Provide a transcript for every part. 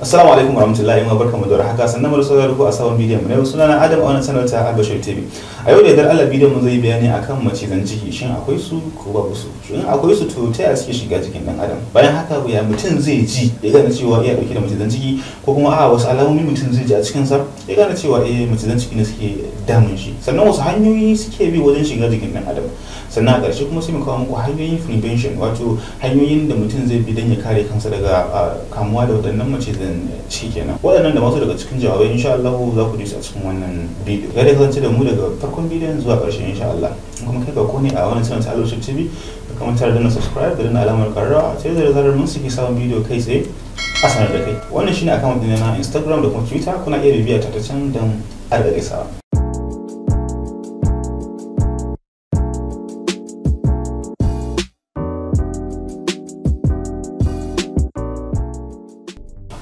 Assalamu alaikum warahmatullahi wa barkamu da haka sannan mu da ku a sabon bidiyon mu ne sunana Adam a wannan sanar ta Albashir TV. A yau da yardar Allah bidiyon mu zai bayani akan macizan ciki shin akwai su ko babu su. Shin akwai su to ta yaya suke shiga jikin dan Adam? Bayan haka ya mutum zai ji ya gane cewa iya eh, dauke da macizan ciki ko kuma a wasu alamomi mutum zai ji a cikin sa ya gane cewa eh macizan ciki ne suke damun shi. Sannan wasu hanyoyi suke bi wajen shiga jikin dan Adam. Sannan a ƙarshe kuma sai mu kawo muku hanyoyin prevention wato hanyoyin da mutum zai bi don ya kare kansa daga kamuwa da waɗannan mace idan ciki kenan waɗannan da masu daga cikin jawabai insha Allah za ku ji su a cikin wannan bidiyo ga da kasance da mu daga farkon bidiyon zuwa ƙarshen insha Allah in kuma kai ga kone a wannan sanar ta Alwashir TV ka kamanta da na subscribe da na alamar karra sai da zarar mun saki sabon bidiyo kai tsaye a sanar da kai wannan shine account ɗin na Instagram da kuma Twitter kuna iya bibiya ta ta can dan adadin isa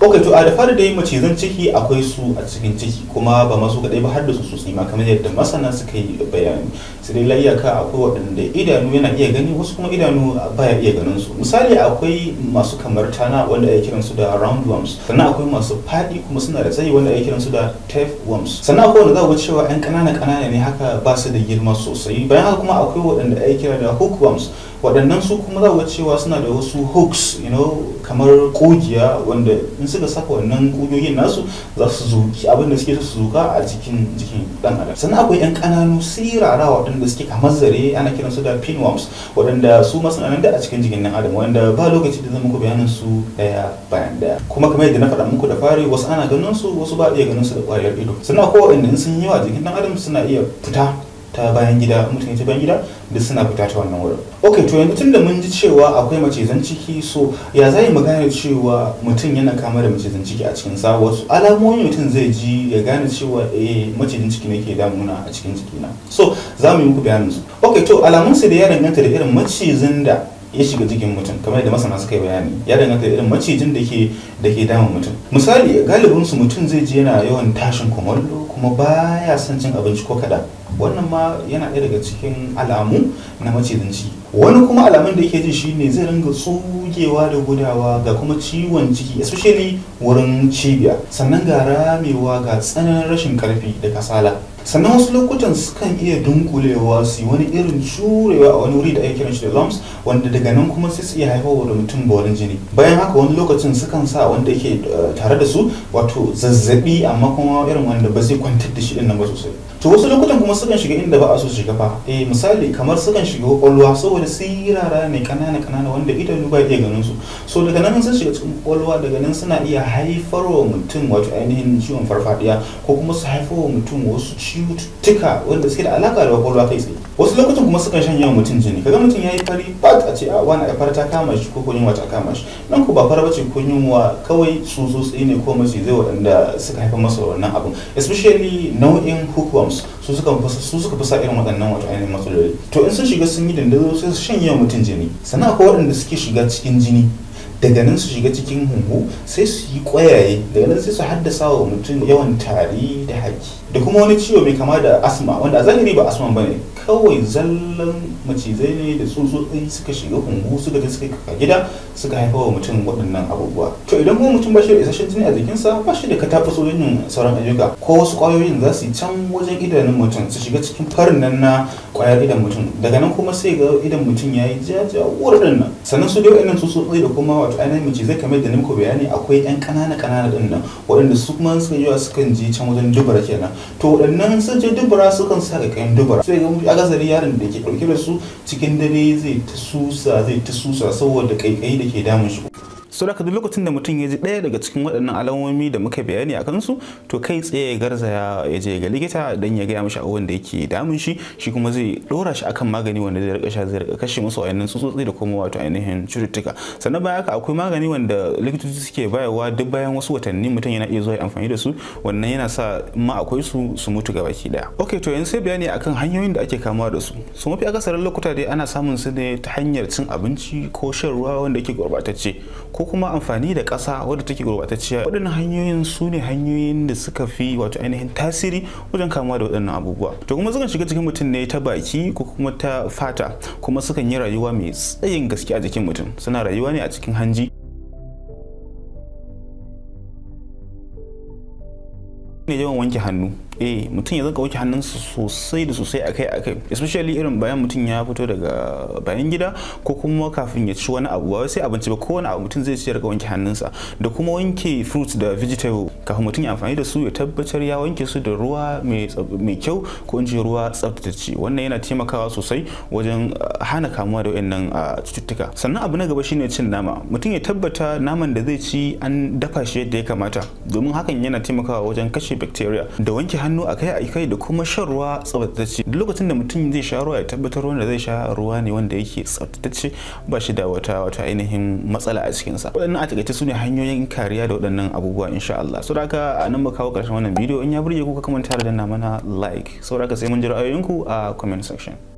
ok to a da fara mace zan ciki akwai su a cikin ciki kuma ba masu kaɗai ba har da su sosai ma kamar yadda masana suka yi bayani su dai layyaka akwai waɗanda idanu yana iya gani wasu kuma idanu baya iya ganin su misali akwai masu kamar tana wanda ake kiran su da roundworms sannan akwai masu faɗi kuma suna da tsayi wanda ake kiran su da tapeworms sannan akwai wanda za ku cewa yan ƙanana ƙanana ne haka ba su da girma sosai bayan haka kuma akwai waɗanda ake kira da hookworms waɗannan su kuma za cewa suna da wasu hooks you know kamar kogiya wanda in suka saka wannan kogiyoyin nasu za su zoki abin da suke su zuka a jikin jikin dan adam sannan akwai yan kananu sirara waɗanda suke kamar zare ana kiran su da pinworms waɗanda su nan da a cikin jikin dan adam wanda ba lokaci da zan muku bayanin su daya bayan daya kuma kamar yadda na faɗa muku da fari wasu ana ganin su wasu ba iya ganin su da ƙwariyar ido sannan akwai in sun yi wa jikin dan adam suna iya fita ta bayan gida mutane ta bayan gida da suna fita ta wannan wurin ok to yanzu tun da mun ji cewa akwai zan ciki so ya za mu gane cewa mutum yana kama da zan ciki a cikin sa wasu alamomi mutum zai ji ya gane cewa eh zan ciki ne ke damuna a cikin jikina so za mu yi muku bayanin su ok to alamun da ya danganta da irin zan da ya shiga jikin mutum kamar yadda masana suka yi bayani ya danganta da irin macijin da ke da ke damun mutum misali galibinsu mutum zai ji yana yawan tashin kumallo kuma baya son cin abinci ko kada. wannan ma yana ɗaya daga cikin alamu na macizanci wani kuma alamun da yake ji ne zai ringa tsugewa da gudawa ga kuma ciwon ciki especially wurin cibiya sannan ga ramewa ga tsananin rashin karfi da kasala sannan wasu lokutan sukan iya dunkulewa su yi wani irin shurewa a wani wuri da ake kiran shi da lumps wanda daga nan kuma sai su iya haifarwa da mutum borin jini bayan haka wani lokacin sukan sa wanda yake eh, tare da su wato zazzabi amma kuma irin wanda ba zai kwantar da shi din nan ba sosai to wasu lokutan kuma sukan shiga inda ba a so shiga ba eh misali kamar sukan shiga kwakwalwa saboda sirara ne kanana kanana wanda idanu ba iya ganin su so daga nan sun shiga cikin kwakwalwa daga nan suna iya haifar wa mutum wato ainihin ciwon farfadiya ko kuma su haifar wa mutum wasu cututtuka wanda suke da alaka da kwakwalwa kai tsaye wasu lokutan kuma sukan shanya mutum jini kaga mutum yi fari bat a ce a ah, wani a fara ta kama shi ko yunwa ta kama shi nan ko ba fara bace ko yunwa kawai tsutsotsi ne ko mace zai waɗanda suka haifar masa wannan abun especially nau'in hookworms su suka su suka fi irin waɗannan wato ainihin matsaloli to in sun shiga sun yi dandazo sai su shanya mutum jini sannan akwai waɗanda suke shiga cikin jini daga nan su shiga cikin hungu sai su yi ƙwayaye daga nan sai su haddasa wa mutum yawan tari da haki da kuma wani ciwo mai kama da asma wanda a zahiri ba asma bane kawai zallan macizai ne da tsutsotsi suka shiga hungu suka je suka kaka gida suka haifa wa mutum waɗannan abubuwa to idan kuma mutum ba shi da isasshen jini a jikinsa ba shi da katafa yin sauran ayyuka ko wasu ƙwayoyin za su can wajen idanun mutum su shiga cikin farin nan na ƙwayar idan mutum daga nan kuma sai ga idan mutum ya yi jaja wurin nan sannan su dai wa'annan tsutsotsi da kuma wato ainihin mace zai kamar da ni muku bayani akwai yan kanana kanana din nan waɗanda su kuma suka yi sukan je can wajen dubara kenan to waɗannan sun je dubara sukan sa kayan dubara sai ga zari yaron da ke ɗauke da su cikin dare zai ta susa zai ta susa saboda ƙaiƙayi da ke damun shi so da duk lokacin da mutum ya ji ɗaya daga cikin waɗannan alamomi da muka bayani a kansu to kai tsaye ya garzaya ya je ga likita don ya gaya mashi abubuwan da yake damun shi shi kuma zai ɗora shi akan magani wanda zai rika sha zai rika kashe masa wayannan tsutsotsi da kuma wato ainihin cututtuka sannan bayan haka akwai magani wanda likitoci suke bayarwa duk bayan wasu watanni mutum yana iya zuwa amfani da su wannan yana sa ma akwai su su mutu gaba ki daya ok to yanzu sai bayani akan hanyoyin da ake kamuwa da su su mafi akasarin lokuta dai ana samun su ne ta hanyar cin abinci ko shan ruwa wanda yake gurbatacce ko kuma amfani da ƙasa wadda take gurbatacciya waɗannan hanyoyin su ne hanyoyin da suka fi wato ainihin tasiri wajen kamuwa da waɗannan abubuwa to kuma sukan shiga cikin mutum ne ta baki ko kuma ta fata kuma sukan yi rayuwa mai tsayin gaske a jikin mutum suna rayuwa ne a cikin hanji ne yawan wanke hannu eh mutum ya zaka wanke hannunsa sosai da sosai akai akai especially irin bayan mutum ya fito daga bayan gida ko kuma kafin ya ci wani abu ba sai abinci ba kowane abu mutum zai ci ya wanke hannunsa da kuma wanke fruits da vegetable kafin mutum ya amfani da su ya tabbatar ya wanke su da ruwa mai kyau ko in ce ruwa tsaftace wannan yana taimakawa sosai wajen ah, hana kamuwa da wayannan ah, cututtuka sannan abu na gaba shine cin nama mutum ya tabbata naman da zai ci an dafa shi yadda ya kamata domin hakan yana taimakawa wajen kashe bacteria da wanke hannu akai akai da kuma shan ruwa tsabtatacce duk lokacin da mutum zai sha ruwa ya tabbatar wanda zai sha ruwa ne wanda yake tsaftace ba shi da wata wata ainihin matsala a cikinsa waɗannan a takaice su ne hanyoyin kariya da waɗannan abubuwa insha Allah so haka a nan mu kawo ƙarshen wannan bidiyo in ya burge ku ka kamanta da danna mana like so haka sai mun ji ra'ayoyinku a comment section